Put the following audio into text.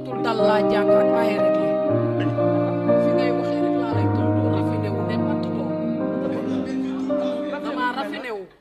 mënatul dal laa jàng ak ay fi ngay waxee rek laa lay tontu raffiné wu nekk at